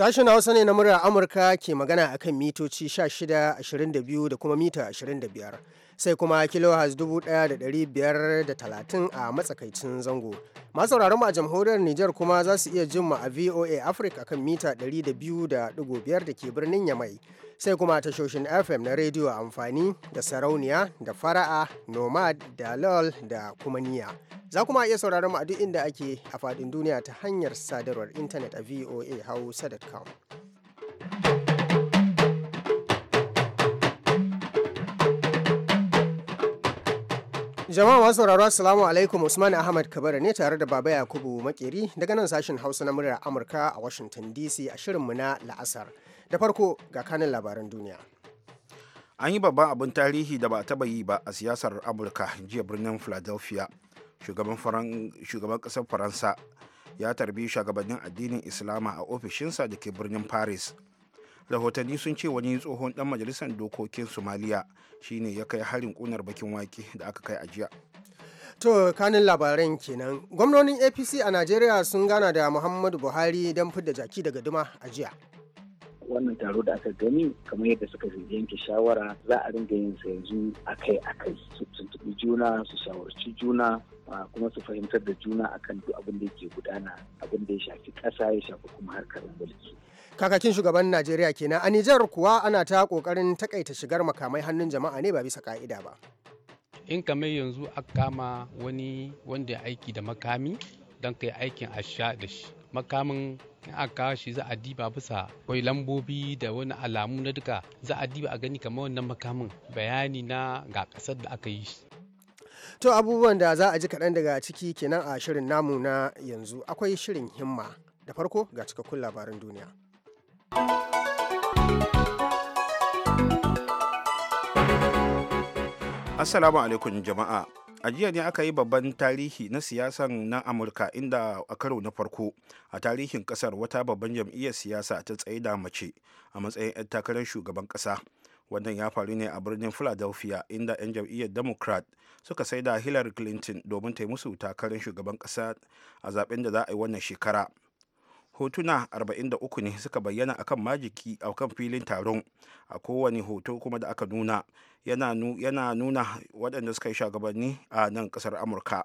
Sashen Hausa ne na murar Amurka ke magana akan mitoci 16, 22 da kuma mita 25. sai kuma kilohaz 1530 a matsakaicin zango. Masu mu a jamhuriyar Nijar kuma za su iya jin mu a VOA Africa kan mita 200.5 da ke birnin Yamai. Sai kuma tashoshin FM na rediyo amfani da sarauniya da fara'a, nomad da lol da kuma niya. Za kuma iya sauraron mu a duk inda ake a faɗin duniya ta hanyar sadarwar intanet a voa hausa.com. Jama'a masu sauraro Assalamu alaikum Usman Ahmad Kabara ne tare da Baba Yakubu Makeri daga nan sashen Hausa na muryar Amurka a Washington DC a shirinmu na la'asar. Da farko ga kanin labaran duniya. An yi babban abin tarihi da ba a taba yi ba a siyasar Amurka jiya birnin Philadelphia. Shugaban ƙasar Faransa ya tarbi shugabannin addinin Islama a ofishinsa da ke birnin Paris. rahotanni sun ce wani tsohon dan majalisar dokokin somaliya shine ya kai harin kunar bakin wake da aka kai a jiya To kanin labaran kenan gwamnonin apc a najeriya sun gana da muhammadu buhari don fidda jaki daga duma a jiya wannan taro da aka gani kamar yadda suka yanke shawara za a ringa yin sa yanzu akai akai su tuntuɓi juna su shawarci juna kuma su fahimtar da juna akan duk abin da yake gudana abin da ya shafi ƙasa ya shafi kuma harkar mulki kakakin shugaban najeriya kenan a nijar kuwa ana ta kokarin takaita shigar makamai hannun jama'a ne ba bisa ka'ida ba in kamar yanzu a kama wani wanda ya aiki da makami don kai aikin a sha da shi makamin in a kawo shi za a diba bisa kwai lambobi da wani alamu na duka za a diba a gani kamar wannan makamin bayani na ga kasar da aka yi to abubuwan da za a ji kaɗan daga ciki kenan a shirin namu na yanzu akwai shirin himma da farko ga cikakkun labarin duniya Assalamu alaikum jama'a. A jiya ne aka yi babban tarihi na siyasan na Amurka inda a karo na farko a tarihin kasar wata babban jam'iyyar siyasa ta tsaye da mace a matsayin 'yan takarar shugaban kasa. Wannan ya faru ne a birnin Philadelphia inda 'yan jam'iyyar Democrat suka sai da Hillary Clinton domin ta yi musu takarar shugaban kasa a zaben da za a yi wannan shekara. hotuna 43 ne suka bayyana akan majiki a kan filin taron a kowane hoto kuma da aka nuna yana, nuna waɗanda suka yi shagabanni a nan ƙasar amurka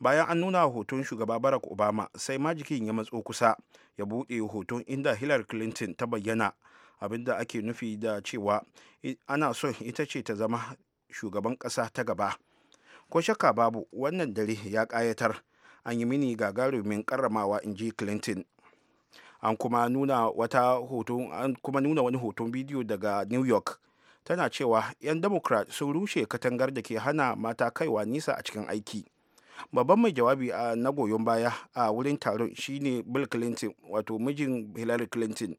bayan an nuna hoton shugaba barack obama sai majikin ya matso kusa ya buɗe hoton inda hillary clinton ta bayyana abinda ake nufi da cewa ana so ita ce ta zama shugaban ƙasa ta gaba ko shakka babu wannan dare ya ƙayatar an yi mini gagarumin karramawa in ji clinton an kuma nuna wata hoton an kuma nuna wani hoton bidiyo daga new york tana cewa 'yan democrat sun rushe katangar da ke hana mata kaiwa nisa a cikin aiki babban mai jawabi a na goyon baya a wurin taron shine bill clinton wato mijin hillary clinton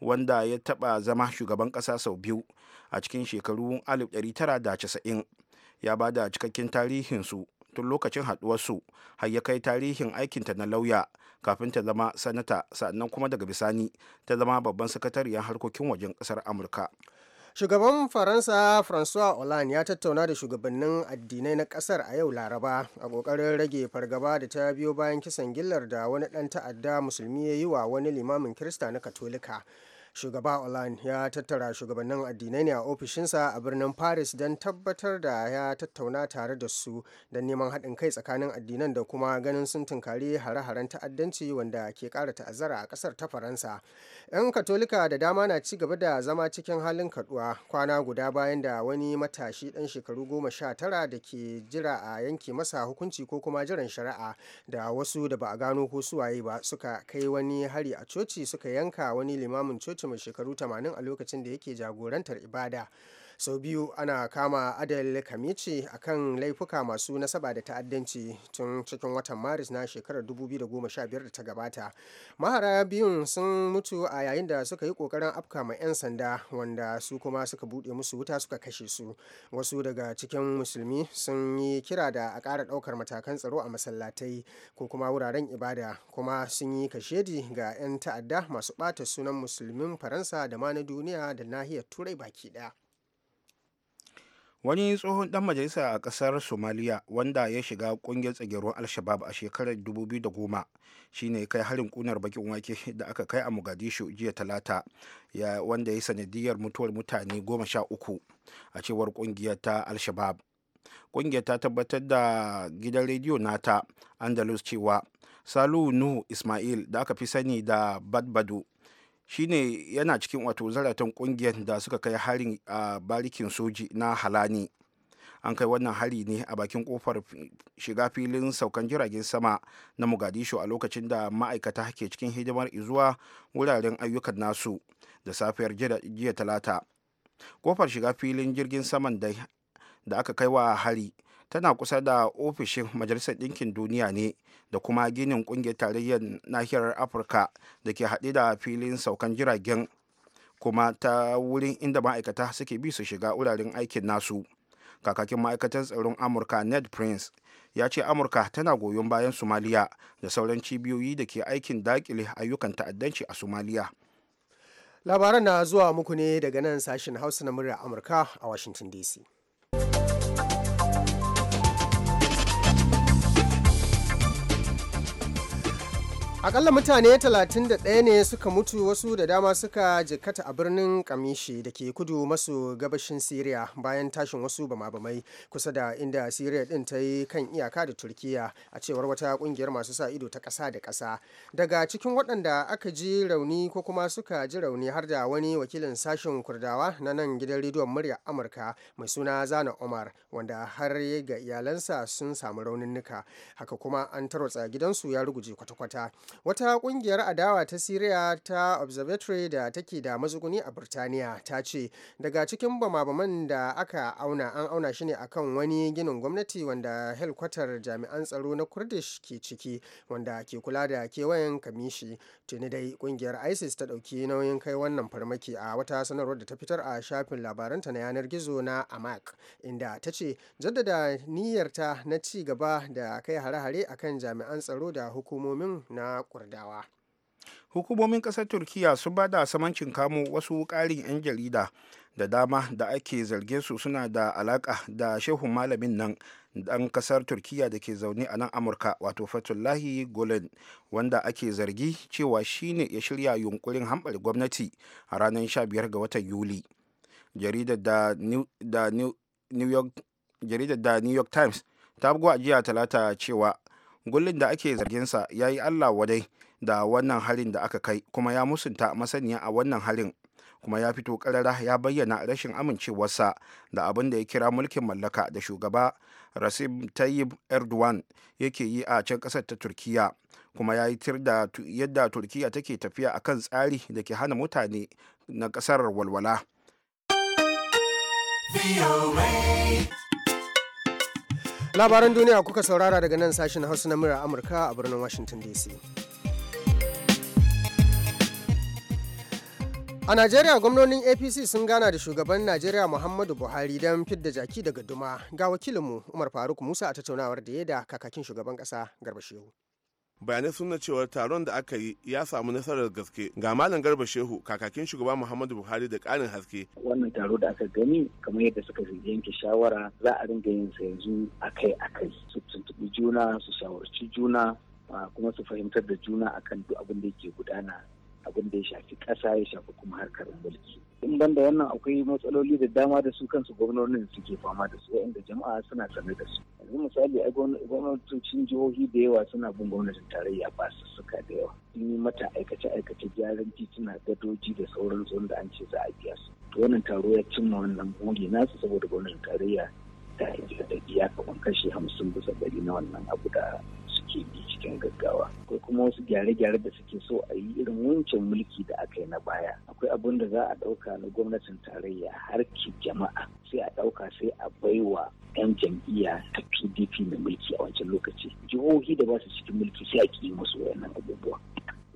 wanda ya taba zama shugaban kasa sau biyu a cikin shekaru 1990 ya ba da cikakken tarihinsu tun lokacin haduwarsu har ya kai tarihin aikinta na lauya kafin ta zama sanata sannan kuma daga bisani ta zama babban sakatariyar harkokin wajen kasar amurka shugaban faransa francois hollande ya tattauna da shugabannin addinai na kasar a yau laraba a kokarin rage fargaba da ta biyo bayan kisan gillar da wani dan ta'adda musulmi ya yi wa wani limamin kirista na katolika shugaba online ya tattara shugabannin addinai ne a ofishinsa a birnin paris don tabbatar da ya tattauna tare da su don neman haɗin kai tsakanin addinan da kuma ganin sun tunkari hare-haren ta'addanci wanda ke ƙara ta'azzara a ƙasar ta faransa 'yan katolika da dama na ci gaba da zama cikin halin kaduwa kwana guda bayan da wani matashi ɗan shekaru goma sha tara da ke jira a yanke masa hukunci ko kuma jiran shari'a da wasu da ba a gano ko suwaye ba suka kai wani hari a coci suka yanka wani limamin coci mutumin shekaru 80 a lokacin da yake jagorantar ibada sau biyu ana kama adal kamici a kan laifuka masu nasaba da ta'addanci tun cikin watan maris na shekarar 2015 da ta gabata mahara biyun sun mutu a yayin da suka yi kokarin afka ma 'yan sanda wanda su kuma suka buɗe musu wuta suka kashe su wasu daga cikin musulmi sun yi kira da a ƙara ɗaukar matakan tsaro a masallatai ko kuma wuraren ibada kuma sun yi kashedi ga 'yan ta'adda masu ɓata sunan musulmin faransa da ma na duniya da nahiyar turai baki ɗaya wani tsohon dan majalisa a kasar somaliya wanda ya shiga kungiyar tsagerun alshabab a shekarar 2010 shine kai harin kunar bakin wake da aka kai a mogadishu jiya talata ya wanda ya sanadiyar mutuwar mutane goma sha uku a cewar kungiyar ta alshabab kungiyar ta tabbatar da gidan rediyo nata andalus cewa salu nuhu ismail da aka fi sani da badbadu shine yana cikin wato zaratan kungiyar da suka kai harin a barikin soji na halani an kai wannan hari ne a bakin kofar shiga filin saukan jiragen sama na mogadishu a lokacin da ma'aikata ke cikin hidimar izuwa wuraren ayyukan nasu da safiyar jiya talata kofar shiga filin jirgin saman da aka kai wa hari tana kusa da ofishin majalisar ɗinkin duniya ne da kuma ginin ƙungiyar tarayyar nahiyar afirka da ke haɗe da filin saukan jiragen kuma ta wurin inda ma'aikata suke bi su shiga wuraren aikin nasu kakakin ma'aikatan tsaron amurka ned prince ya ce amurka tana goyon bayan somaliya da sauran cibiyoyi da ke aikin dakile ayyukan ta'addanci a somaliya labaran na zuwa muku ne daga nan sashen hausa na murya amurka a washington dc akalla mutane 31 ne suka mutu wasu da dama suka jikkata a birnin kamishi da ke kudu maso gabashin syria bayan tashin wasu bama-bamai kusa da inda syria din ta yi kan iyaka da turkiya a cewar wata kungiyar masu sa ido ta kasa da kasa daga cikin waɗanda aka ji rauni ko kuma suka ji rauni har da wani wakilin sashen kurdawa na nan gidan rediyon murya amurka mai suna zana omar wanda har ga iyalansa sun samu rauninnika haka kuma an tarwatsa gidansu ya ruguje kwata-kwata wata kungiyar adawa ta syria ta observatory da take da mazuguni a birtaniya ta ce daga cikin bama-baman da aka auna an auna shi ne akan wani ginin gwamnati wanda helkwatar jami'an tsaro na kurdish ke ciki wanda ke kula da kewayen kamishi tuni dai kungiyar isis ta dauki nauyin kai wannan farmaki a wata sanarwar da ta fitar a shafin labaranta na yanar gizo na amak inda ta ce jaddada niyyarta na ci gaba da kai hare-hare akan jami'an tsaro da hukumomin na kurdawa hukumomin kasar turkiya sun bada da samancin kamo wasu ƙarin 'yan jarida da dama da ake zarge su suna da alaka da shehun malamin nan dan kasar turkiya da ke zaune a nan amurka wato fatullahi gulen wanda ake zargi cewa shine ya shirya yunkurin hambar gwamnati a ranar 15 ga watan yuli jaridar da new, york times ta bugu a jiya talata cewa gullin da ake zarginsa ya yi allah wadai da wannan harin da aka kai kuma ya musunta masaniya a wannan harin kuma ya fito karara ya bayyana rashin amincewarsa da abin da ya kira mulkin mallaka da shugaba rasim tayyip erdogan yake yi a can kasar ta turkiya kuma ya yi tir da yadda turkiya take tafiya a kan tsari da ke hana mutane na kasar walwala. labaran duniya kuka saurara daga nan sashen hausa na murar amurka a birnin washington dc A Najeriya gwamnonin APC sun gana da shugaban Najeriya Muhammadu Buhari don fidda jaki daga duma ga wakilinmu Umar Faruk Musa a tattaunawar da ya da kakakin shugaban ƙasa Garba Shehu. bayanai suna cewa taron da aka yi ya samu nasarar gaske ga malam garba shehu kakakin shugaba muhammadu buhari da karin haske wannan taro da aka gani kamar yadda suka yanke shawara za a ringa yin sa yanzu akai akai su tuntuɓi juna su shawarci juna kuma su fahimtar da juna akan duk abin da yake gudana abin da ya shafi ƙasa ya shafi kuma harkar mulki in banda wannan akwai matsaloli da dama da su kansu gwamnonin suke fama da su waɗanda jama'a suna sane da su yanzu misali a gwamnatocin jihohi da yawa suna bin gwamnatin tarayya ba su suka da yawa sun yi mata aikace aikace gyaran tituna gadoji da sauran tsohon da an ce za a biya su to wannan taro ya cimma wannan buri nasu saboda gwamnatin tarayya ta da iyaka kamar kashi hamsin bisa ɗari na wannan abu da suke bi cikin gaggawa akwai kuma wasu gyare-gyare da suke so a yi irin wancan mulki da aka yi na baya akwai abin da za a ɗauka na gwamnatin tarayya har harki jama'a sai a ɗauka sai a baiwa 'yan jam'iyya ta pdp mai mulki a wancan lokaci jihohi da ba su cikin mulki sai a ƙi musu wayannan abubuwa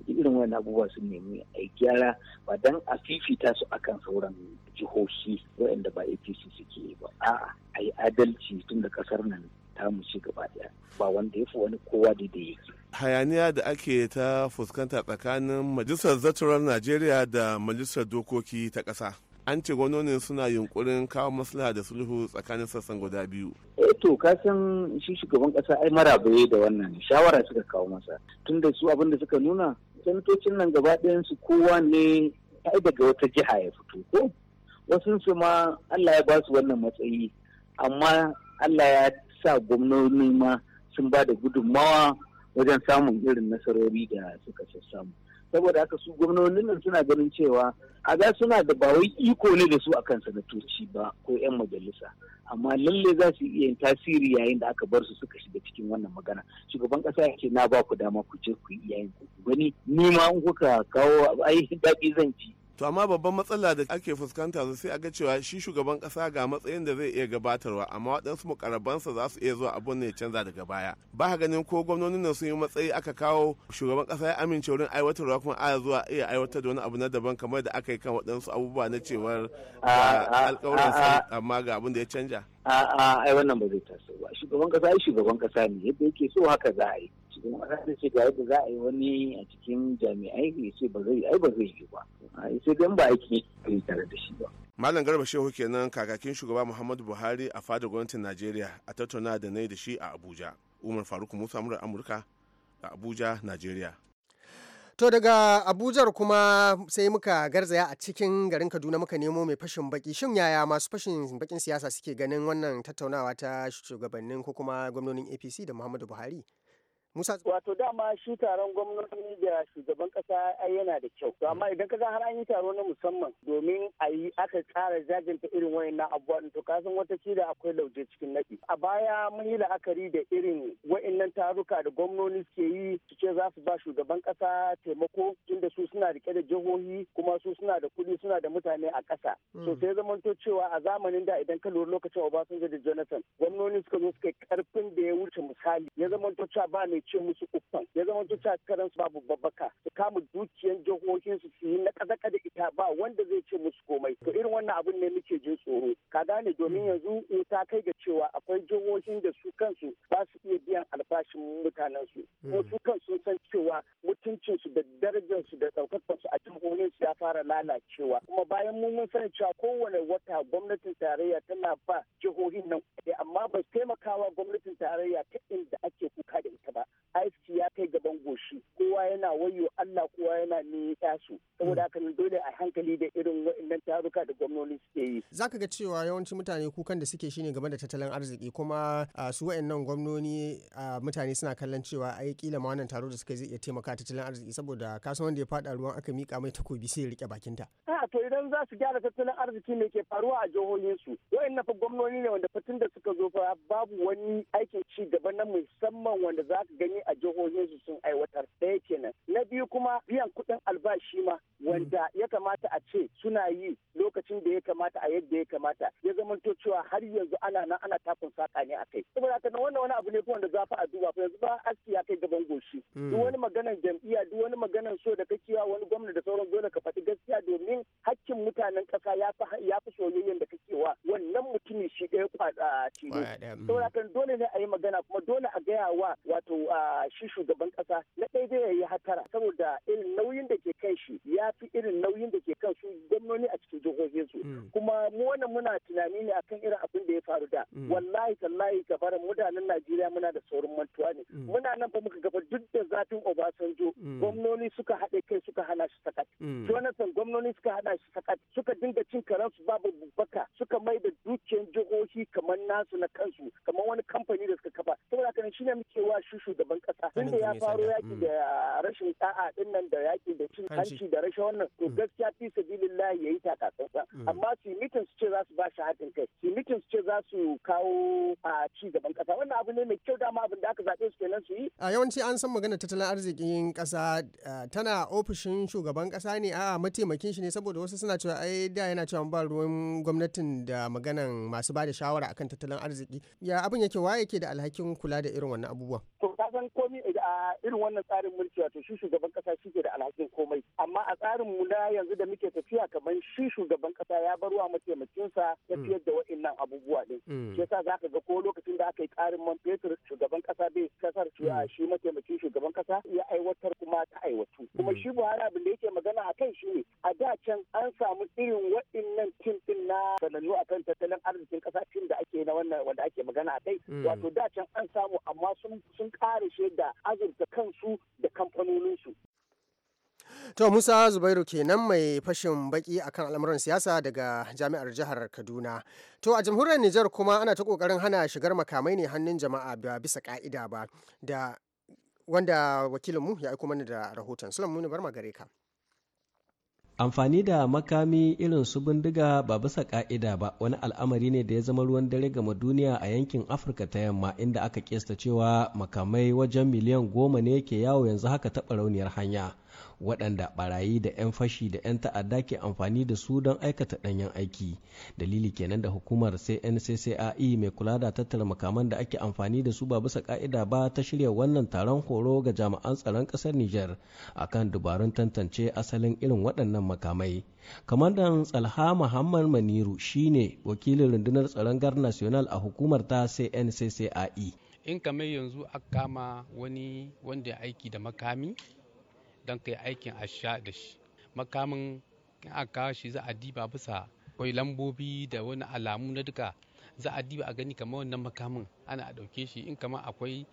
irin wani abubuwa sun nemi a yi gyara ba don a fifita su akan sauran jihohi waɗanda ba apc suke ba a'a a yi adalci tun da kasar nan mu ci gaba daya ba wanda ya fi wani kowa da da yake hayaniya da ake ta fuskanta tsakanin majalisar zaturar najeriya da majalisar dokoki ta ƙasa an ce gwamnoni suna yunkurin kawo maslaha da sulhu tsakanin sassan guda biyu. eh to ka san shi shugaban kasa ai marabaye da wannan shawara suka kawo masa tunda su abin da suka nuna sanatocin nan gaba su kowa ne ai daga wata jiha ya fito ko wasu su ma Allah ya ba su wannan matsayi amma Allah ya sa gwamnoni ma sun ba da gudunmawa wajen samun irin nasarori da suka samu saboda haka su gwamnonin nan suna ganin cewa a za suna da ba wai iko ne da su akan sanatoci ba ko 'yan majalisa amma lalle za su iya yin tasiri yayin da aka bar su suka shiga cikin wannan magana shugaban kasa ya ce na ba ku dama ku je ku yi yayin ku gani ni ma in kuka kawo ai daɗi zan ci to amma babban matsala da ake fuskanta su sai a ga cewa shi shugaban kasa ga matsayin da zai iya gabatarwa amma waɗansu mukarabansa za su iya zuwa abun ne canza daga baya ba ganin ko gwamnonin nan sun yi matsayi aka kawo shugaban kasa ya amince wurin aiwatarwa kuma a zuwa iya aiwatar da wani abu na daban kamar da aka yi kan waɗansu abubuwa na cewar alƙawarin amma ga abun da ya canja a'a ai wannan ba zai taso ba shugaban kasa ai shugaban kasa ne yadda yake so haka za a yi cikin kasa ce ga yadda za a yi wani a cikin jami'ai ya ce ba zai ai ba zai yi ba sai dan ba ake kai tare da shi ba Malam Garba Shehu kenan kakakin shugaba Muhammadu Buhari a fadar gwamnatin Najeriya a tattauna da na da shi a Abuja. Umar Faruk Musa murar Amurka a Abuja, Najeriya. To daga Abujar kuma sai muka garzaya a cikin garin Kaduna muka nemo mai fashin baki. Shin yaya masu fashin bakin siyasa suke ganin wannan tattaunawa ta shugabannin ko kuma gwamnonin APC da Muhammadu Buhari? Musa Wato dama shi taron gwamnati da shugaban kasa yana da kyau. To amma idan ga har an yi taro na musamman domin a yi aka tsara ta irin wayannan abubuwan to kasan wata da akwai lauje cikin nadi. A baya mun yi la'akari da irin wayannan taruka da gwamnoni suke yi su ce za su ba shugaban kasa taimako tunda su suna rike da jihohi kuma su suna da kuɗi suna da mutane a ƙasa. So hmm. sai zamanto cewa a zamanin da idan ka lura lokacin Obasanjo da Jonathan gwamnoni suka zo suka karfin da ya wuce misali ya zamanto cewa ba ne mai ce musu uffan ya zama duka karan su babu babbaka su kama dukiyan jihohin su su yi na kaza da ita ba wanda zai ce musu komai to irin wannan abun ne muke jin tsoro ka gane domin mm. yanzu in ta kai ga cewa akwai jihohin da su kansu ba su iya biyan albashin mutanen su ko mm. su kansu sun san cewa mutuncin su da darajar su da daukakar su a jihohin su ya fara lalacewa kuma bayan mu mun sani cewa kowane wata gwamnatin tarayya tana ba jihohin nan amma ba taimakawa gwamnatin tarayya ta you Allah kowa yana ne su saboda haka dole a hankali da irin waɗannan taruka da gwamnoni suke yi zaka ga cewa yawancin mutane kukan da suke shine game da tattalin arziki kuma su waɗannan gwamnoni mutane suna kallon cewa ai kila ma wannan taro da suka zai iya taimaka tattalin arziki saboda kasuwan wanda ya fada ruwan aka mika mai takobi sai ya rike bakinta a to idan za su gyara tattalin arziki mai ke faruwa a jihohin su waɗannan fa gwamnoni ne wanda fatin da suka zo fa babu wani aikin ci gaba na musamman wanda za ka gani a jihohin su sun aiwatar ɗaya kenan na biyu kuma biyan kuɗin albashi ma wanda ya kamata a ce suna yi lokacin da ya kamata a yadda ya kamata ya zama to cewa har yanzu ana nan ana takun saka ne akai saboda haka wannan wani abu ne kuma da za a duba fa yanzu ba aski ya kai gaban goshi hmm. duk wani maganar jam'iyya duk wani maganar so da kake wani gwamna da sauran dole ka faɗi gaskiya domin hakkin mutanen ƙasa ya fi soyayyen da ne shi ɗaya kwaɗa tilo mm. Saura kan dole ne a yi magana kuma dole a gaya wa wato shi shugaban ƙasa na ɗaya dai ya yi hatara saboda irin nauyin da ke kan shi ya fi irin nauyin da ke kan su gwamnoni a cikin jihohin su mm. kuma mu wannan muna tunani ne akan irin abin da ya faru da mm. wallahi tallahi gabarin mutanen Najeriya muna da saurin mantuwa ne muna nan fa muka gaba duk da zafin Obasanjo gwamnoni suka haɗe kai suka hana shi sakat Jonathan gwamnoni suka hana shi sakat suka dinga cin karansu babu baka suka mai da dukiyar jihohi kamar nasu na kansu kamar wani kamfani da suka kafa wannan shine muke wa shi shugaban kasa da ya faro yaki mm. da rashin sa'a din nan da yaki da cin hanci da rashin wannan to mm. gaskiya fi sabilillah yayi takatsansa mm. amma su mitin su ce za su ba shi haɗin kai su mitin su ce za su kawo a ci gaban kasa wannan abu ne mai kyau dama abin da aka zaɓe su kenan su yi a yawanci an san magana tattalin arzikin kasa tana ofishin shugaban kasa ne a mataimakin shi ne saboda wasu suna cewa ai da yana cewa ba ruwan gwamnatin da maganan masu ba da shawara akan tattalin arziki ya abin yake waye ke da alhakin kula da irin wannan abubuwan. To ka san komi a irin wannan tsarin mulki wato shi shugaban kasa shi ke da alhakin komai amma a tsarin mu na yanzu da muke tafiya kamar shi shugaban kasa ya bar wa mataimakinsa ya fiyar da wa'annan abubuwa ne mm. shi yasa zaka ga ko lokacin da aka yi karin man fetur shugaban kasa bai kasar mm. shi mataimakin shugaban kasa ya aiwatar kuma ta aiwatu mm. kuma shi Buhari abin da yake magana a kan shi ne a da can an samu irin wa'annan tim din na sanannu akan tattalin arzikin kasa tim da ake na wannan wanda ake magana a kai wato da can an samu amma sun sun kare shi da azurta kansu da kamfanoninsu. To Musa Zubairu kenan mai fashin baki akan al'amuran siyasa daga jami'ar jihar Kaduna. To a jamhuriyar Nijar kuma ana ta kokarin hana shigar makamai ne hannun jama'a ba bisa ka'ida ba da wanda wakilinmu ya aiko mana da rahoton. Sulaimu ne bar magare ka. amfani da makami irin su bindiga ba bisa ka'ida ba wani al'amari ne da ya zama ruwan dare gama duniya a yankin afirka ta yamma inda aka kesta cewa makamai wajen miliyan goma ne ke yawo yanzu haka taɓa rauniyar hanya waɗanda barayi da 'yan fashi da 'yan ta'adda ke amfani da su don aikata ɗanyen aiki dalili kenan da hukumar cnccae mai kula da tattara makaman da ake amfani da su ba bisa ka'ida ba ta shirya wannan taron horo ga jami'an tsaron ƙasar niger akan dubarun tantance asalin irin waɗannan makamai kamandan tsalha muhammad maniru shine wakilin rundunar tsaron gar national a hukumar ta cnccae in kamar yanzu aka kama wani wanda aiki da makami don ka yi aikin sha da shi makamin in aka kawo shi za a diba bisa akwai lambobi da wani alamu na duka za a diba a gani kamar wannan makamin ana a ɗauke shi in kamar akwai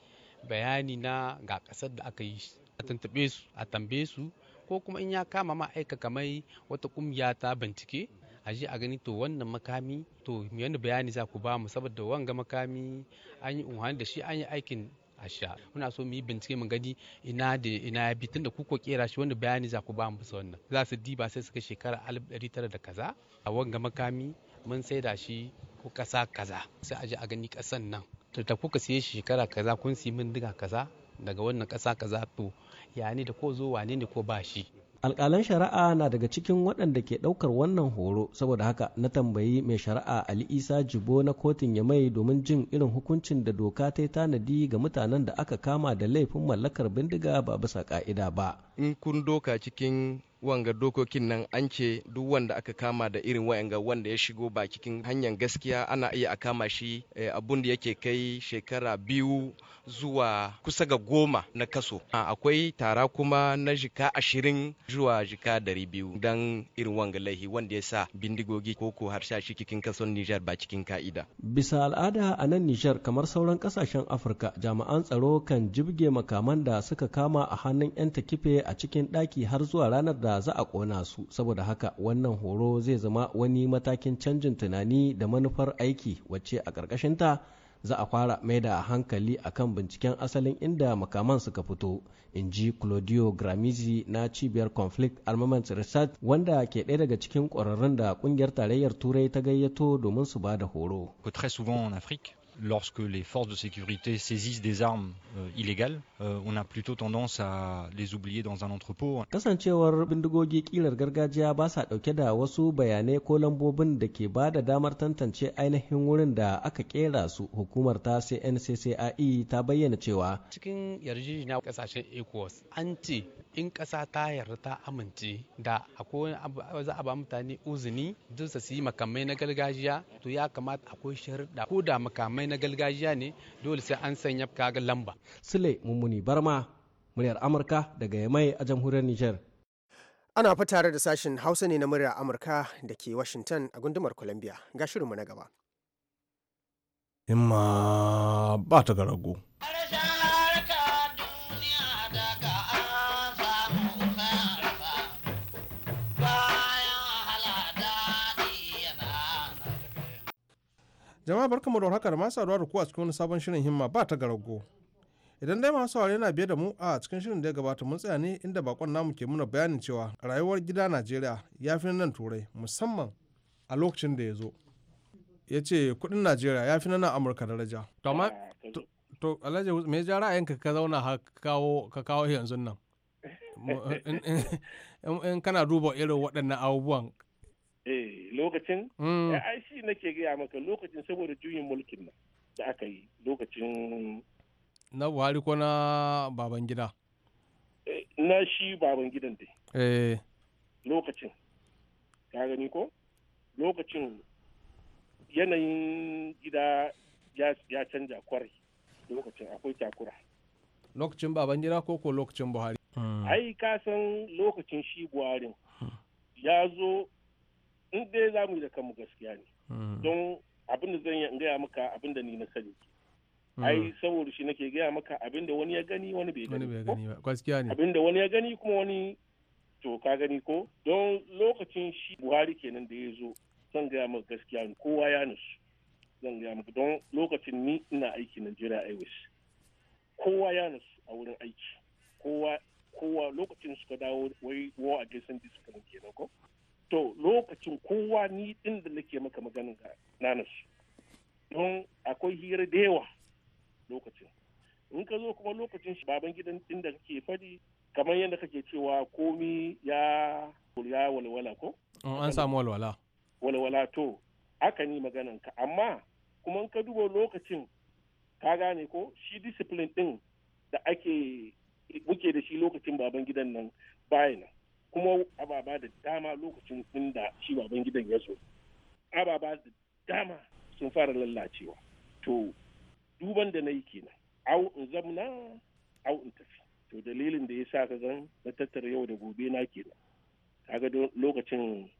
bayani na ga kasar da aka yi a tuntuɓe su a tambaye su ko kuma in ya kama ma aika kamar wata ƙungiya ta bincike a je a gani to wannan makami to wani bayani za ku ba mu saboda wanga makami an yi unhani da shi an yi aikin a sha muna so mu yi bincike mu gani ina da ina ya bi tunda kuka kera shi wanda bayani za ku ba mu bisa wannan za su diba sai suka shekara alif ɗari tara da kaza a wanga makami mun sai da shi ko ƙasa kaza sai a je a gani kasan nan to da kuka siye shi shekara kaza kun si mun diga kaza daga wannan kasa kaza to yani da ko zo wane ne ko ba shi alƙalan shari'a na daga cikin waɗanda ke ɗaukar wannan horo saboda haka na tambayi mai shari'a ali isa jibo na kotun ya mai domin jin irin hukuncin da doka ta yi tanadi ga mutanen da aka kama da laifin mallakar bindiga ba bisa ƙa'ida ba in kun doka cikin wanga dokokin nan an ce duk wanda aka kama da irin wayanga wanda ya shigo ba cikin hanyar gaskiya ana iya a kama shi eh, abun da yake kai shekara biyu zuwa kusa ga goma na kaso akwai tara kuma na jika ashirin zuwa jika dari biyu don irin wanga laihi wanda ya sa bindigogi ko ko harshashi cikin kason nijar ba cikin ka'ida bisa al'ada a nan nijar kamar sauran kasashen afirka jami'an tsaro kan jibge makaman da suka kama a hannun 'yan takife a cikin ɗaki har zuwa ranar da za a ƙona su saboda haka wannan horo zai zama wani matakin canjin tunani da manufar aiki wacce a ƙarƙashinta za a fara mai da hankali kan binciken asalin inda makaman suka fito in ji claudio gramizi na cibiyar conflict armament research wanda ke ɗaya daga cikin ƙwararrun da ƙungiyar tarayyar turai ta gayyato domin su ba da horo lorsque les forces de sécurité saisissent des armes euh, illégales, euh, on a plutôt tendance à les oublier dans un entrepôt. Kasancewar bindigogi kilar gargajiya ba sa dauke da wasu bayanai ko lambobin da ke ba da damar tantance ainihin wurin da aka kera su hukumar ta CNCCAI e ta bayyana cewa cikin yarjejeniya kasashen ECOWAS an ce in kasa ta yarda ta amince da akwai za a ba mutane uzini duk su yi makamai na gargajiya to ya kamata akwai sharuɗa ko da makamai mai na gargajiya ne dole sai an sanya kaga lamba sule mummuni barma muryar amurka daga yamai a jamhuriyar niger ana fa tare da sashen hausa ne na muryar amurka da ke washington a gundumar columbia ga shirinmu na gaba imma ba ta garago jama'a barkamu da haka da masu saduwa da ku a cikin wani sabon shirin himma ba ta garago idan dai masu saurare na biye da mu a cikin shirin da ya gabata mun tsaya ne inda bakon namu ke muna bayanin cewa rayuwar gida najeriya ya fi nan turai musamman a lokacin da ya zo ya ce kudin najeriya ya fi nan amurka daraja to ah, alhaji me ja ra'ayinka ka zauna ka kawo yanzu nan in kana duba irin waɗannan abubuwan eh lokacin mm. eh, ai shi nake gaya maka lokacin saboda juyin mulkin nan da aka yi lokacin na buhari ko na baban gida eh, na shi baban gidan dai eh. lokacin ka gani ko lokacin yanayin gida ya canja kwarai lokacin akwai takura lokacin baban gida ko ko lokacin buhari hmm. ai ka san lokacin shi buhari hmm. ya zo in dai za mu yi da kanmu gaskiya ne mm. don abin da zan yi gaya maka abin da ni na sani mm. ai saboda shi nake gaya maka abin da wani ya gani wani bai gani ba gaskiya ne abin da wani ya gani kuma wani to ka gani ko don lokacin shi buhari kenan da ya zo zan gaya maka gaskiya ne kowa ya nusu zan gaya maka don lokacin ni ina aiki Najeriya Airways kowa ya nusu a wurin aiki kowa kowa lokacin suka dawo wai war against discipline kenan ko to lokacin kowa ni din da nake maka maganin nanasu don akwai hira da yawa lokacin in ka zo kuma lokacin shi baban gidan din da kake fadi kamar yadda kake cewa komi ya ya walwala ko an samu walwala walwala to aka ni maganan ka amma kuma in ka duba lokacin ka gane ko shi discipline din da ake muke da shi lokacin baban gidan nan bayan kuma ababa da dama lokacin inda shi baban gidan ya zo ababa da dama sun fara lallacewa to duban da na yi kenan au in zamna au in tafi to dalilin da ya sa ka zan na tattara yau da gobe na kenan kaga lokacin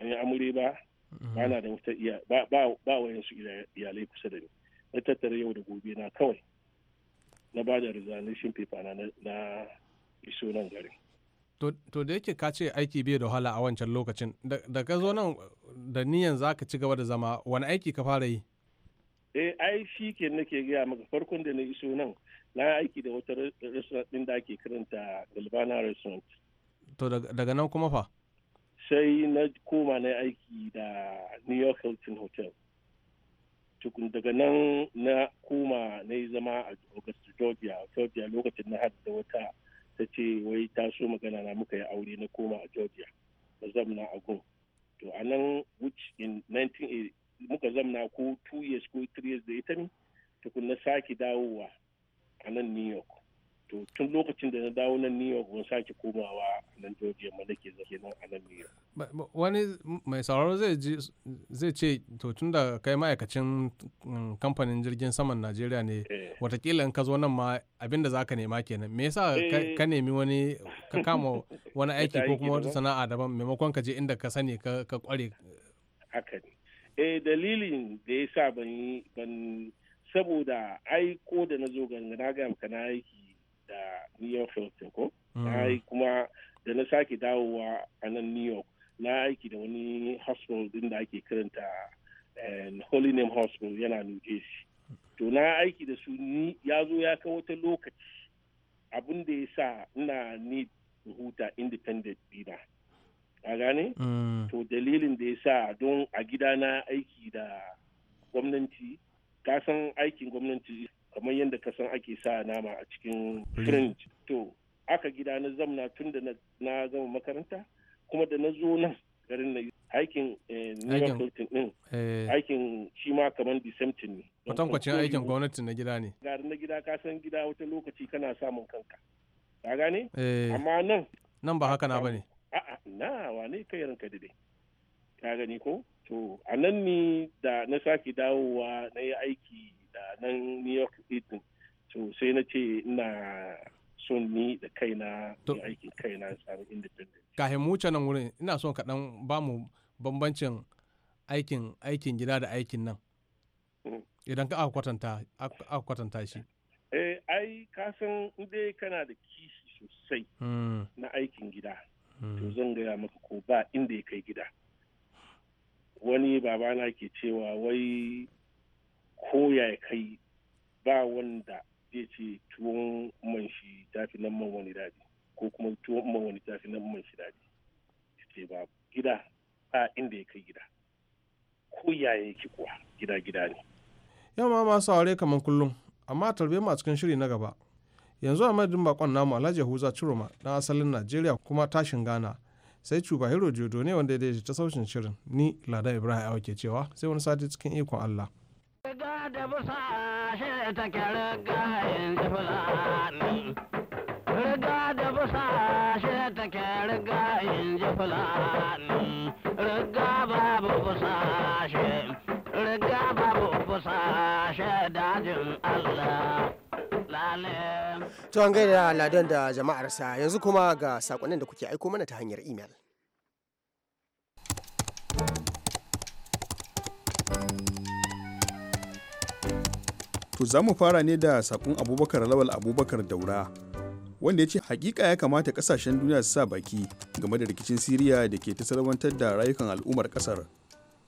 yi amure ba mm-hmm. ba na da wata iya ba yansu iyalai kusa da ni na tattara yau da gobe na kawai na ba da resignation paper na iso nan garin To da yake ka ce aiki bai da wahala a wancan lokacin, da ka zo nan da niyan za ka ci gaba da zama wani aiki ka fara yi? Eh, ai shi ke nake gaya maka farkon da na iso nan na aiki da wata restaurant ɗin da ake karanta Galvana restaurant. To daga nan kuma fa? Sai na koma na aiki da New York Hilton Hotel. tukun daga nan na koma na yi zama a Augusta Georgia, Georgia lokacin na hada da wata ta ce wai ta so magana na muka yi aure na koma a georgia na zamna a gun to a nan which in 1980 muka zamna ko 2 years ko 3 years da ita ne tukun na sake dawowa a nan new york to tun lokacin da na dawo nan new york ban sake komawa nan georgia ma nake zake nan a nan new york wani mai sauraro zai ce to tun da kai ma'aikacin mm, kamfanin jirgin saman najeriya ne eh. watakila in ka zo nan ma abinda za ka nema kenan me yasa eh. ka nemi wani ka kama wani aiki ko kuma wata sana'a daban maimakon ka je inda ka sani ka kware haka ne eh dalilin da ya sa ban saboda ai ko da na zo ganga na ga na aiki da new york filter ko mm. kuma da na sake dawowa a nan new york na aiki da wani hospital din da ake karanta eh, holy name hospital yana new jersey to na aiki da su ni ya zo ya kai wata lokaci abin da ya sa ina need huta independent dina a gane mm. to dalilin da ya sa don a gida na aiki da gwamnati kasan aikin gwamnati kamar yadda ka san ake sa nama a cikin mm. fringe to aka gida na zamna tun da na zama makaranta kuma da na zo nan garin na aikin eh, new hilton din eh. aikin shi ma kamar disemtin ne kwacin aikin gwamnati na gida ne garin na gida ka san gida wata lokaci kana samun kanka ka gane eh. amma nan nan ba haka na bane a'a na wane kai ranka dai ka gani ko to a nan ne da na sake dawowa na yi aiki nan new york city to sai na ce ina son ni da kaina aikin kaina samu independent kahin mu nan wurin ina son kaɗan ba mu bambancin aikin aikin gida da aikin nan mm. idan ka aka kwatanta shi eh ai ka san kana da kishi sosai mm. na aikin gida mm. to zan gaya maka ko ba inda ya kai gida wani babana ke cewa wai ko ya kai ba wanda zai ce tuwon man shi tafi nan man wani daɗi ko kuma tuwon man wani tafi nan man shi daɗi ce ba gida ba inda ya kai gida ko ya yake kuwa gida gida ne yamma masu aure kamar kullum amma tarbe ma a cikin shiri na gaba yanzu a madadin bakon namu alhaji yahuza ciroma dan asalin najeriya kuma tashin ghana sai cuba hero jodo ne wanda ya daidaita ta saucin shirin ni lada ibrahim awa ke cewa sai wani sati cikin ikon allah da busa shi take riga in ji fulani. Riga da busa shi take riga in ji fulani. Riga babu busa shi, riga babu busa shi dajin Allah. To an gaida ladan da jama'arsa yanzu kuma ga sakonnin da kuke aiko mana ta hanyar imel. To za mu fara ne da sakon Abubakar Lawal Abubakar Daura. Wanda ya ce hakika ya kamata kasashen duniya su sa baki game da rikicin Siriya da ke ta salwantar da rayukan al'ummar kasar.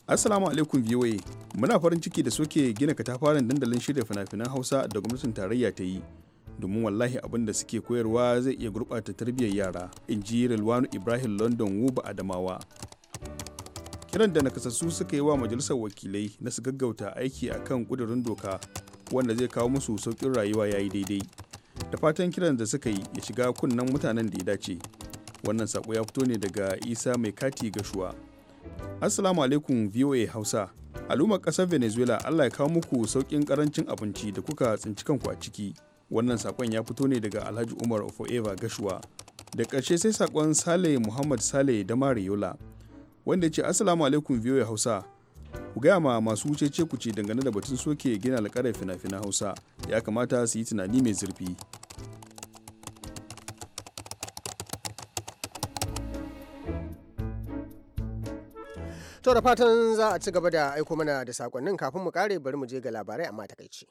Assalamu alaikum VOA. Muna farin ciki da soke gina katafaren dandalin shirya fina-finan Hausa da gwamnatin tarayya ta yi. Domin wallahi abin da suke koyarwa zai iya gurɓata tarbiyyar yara, in ji Rilwanu Ibrahim London Wuba Adamawa. Kiran da nakasassu suka yi wa majalisar wakilai na su gaggauta aiki akan kudurin doka wanda zai kawo musu saukin rayuwa ya yi daidai da fatan kiran da suka yi ya shiga kunnen mutanen da ya dace wannan sako ya fito ne daga isa mai kati gashuwa assalamu alaikum voa hausa al'ummar ƙasar venezuela allah ya kawo muku sauƙin ƙarancin abinci da kuka tsinci kanku a ciki wannan sakon ya fito ne daga alhaji umar forever gashuwa da ƙarshe sai sakon sale muhammad sale da mariola wanda ce assalamu alaikum voa hausa ku gaya ma masu wuce ce ku ce dangane da batun soke gina alƙarar fina-finan hausa ya kamata su yi tunani mai zurfi to da fatan za a ci gaba da aiko mana da sakonnin kafin mu kare bari mu je ga labarai amma takaici.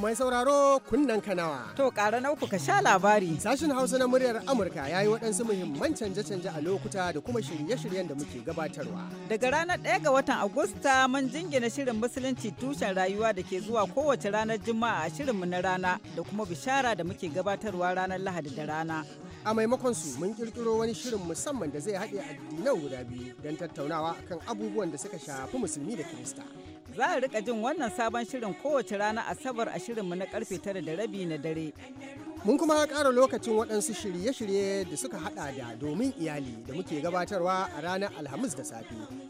mai sauraro kunnen kanawa. To ƙara na uku ka sha labari. Sashin Hausa na muryar Amurka ya yi waɗansu muhimman canje-canje a lokuta da kuma shirye-shiryen da muke gabatarwa. Daga ranar 1 ga watan Agusta mun jingina shirin Musulunci tushen rayuwa da ke zuwa kowace ranar Juma'a a shirinmu na rana da kuma bishara da muke gabatarwa ranar Lahadi da rana. a maimakon su mun kirkiro wani shirin musamman da zai haɗe addinan guda biyu don tattaunawa kan abubuwan da suka shafi musulmi da kirista Za a rika jin wannan sabon shirin kowace rana Asabar a shirinmu na karfe tara da rabi na dare. Mun kuma ƙara lokacin waɗansu shirye-shirye da suka haɗa da domin iyali da muke gabatarwa a ranar Alhamis da safe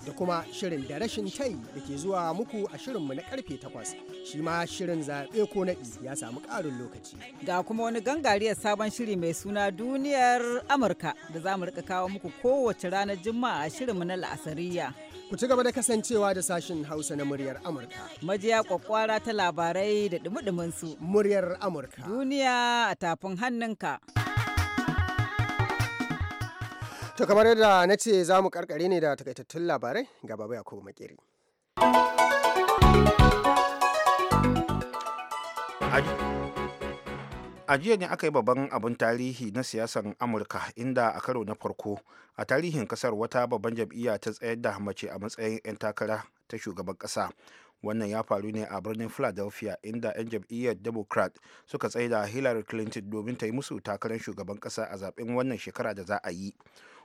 da kuma shirin da rashin tai da ke zuwa muku a shirinmu na karfe takwas shi ma shirin zaɓe ko naɗi ya samu ƙarin lokaci. Ga kuma wani gangariyar sabon shiri mai suna duniyar Amurka da za mu rika kawo muku kowace ranar Juma'a a shirinmu na La'asariya. Ku ci gaba da kasancewa da sashin Hausa na muryar Amurka. Majiya kwakwara ta labarai da dumi su. Muryar Amurka. Duniya a tafin hannunka. To kamar yadda na ce za mu karkare ne da takaitattun labarai ga Baba Yakubu Makeri. a jiya ne aka yi babban abin tarihi na siyasar amurka inda a karo na farko a tarihin kasar wata babban jam'iyya ta tsayar da mace a matsayin 'yan takara ta shugaban kasa wannan ya faru ne a birnin philadelphia inda 'yan jam'iyyar democrat suka tsaida hillary clinton domin ta yi musu takarar shugaban kasa a zaben wannan shekara da za a yi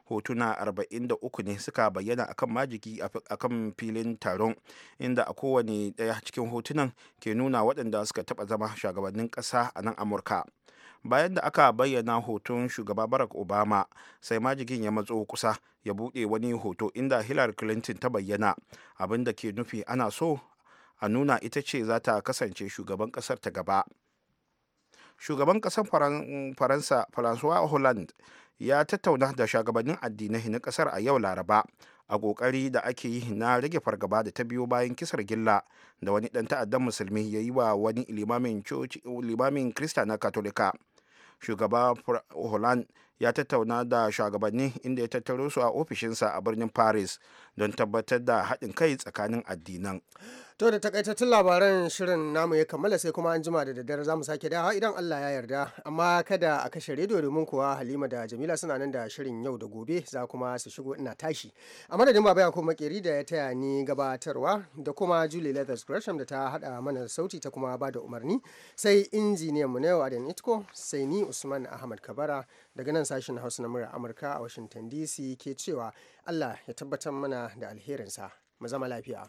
hotuna 43 ne suka bayyana akan majiki kan filin taron inda a kowane daya cikin hotunan ke nuna waɗanda suka taɓa zama shugabannin ƙasa a nan amurka bayan da aka bayyana hoton shugaba barack obama sai majigin ya matso kusa ya buɗe wani hoto inda hillary clinton ta bayyana abin da ke nufi ana so a nuna ita ce za ta kasance shugaban kasar ta gaba shugaban kasar faransa francois hollande ya tattauna da shugabannin addinai na kasar a yau laraba a kokari da ake yi na rage fargaba da ta biyo bayan kisar gilla da wani dan ta'addan musulmi ya yi wa wani limamin krista na katolika shugaba holland ya tattauna da shugabanni inda ya tattaro su a ofishinsa a birnin paris don tabbatar da haɗin kai tsakanin addinan To da takaitattun labaran shirin namu ya kammala sai kuma an jima da daddare za mu sake dawa idan Allah ya yarda. Amma kada a kashe rediyo domin kuwa Halima da Jamila suna nan da shirin yau da gobe za kuma su shigo ina tashi. A madadin baba ya kuma makeri da ya taya ni gabatarwa da kuma Julie Leathers Gresham da ta hada mana sauti ta kuma ba da umarni. Sai injiniyan mu na yau Adan Itko sai ni Usman Ahmad Kabara daga nan sashin Hausa na murar Amurka a Washington DC ke cewa Allah ya tabbatar mana da alherinsa. Mu zama lafiya.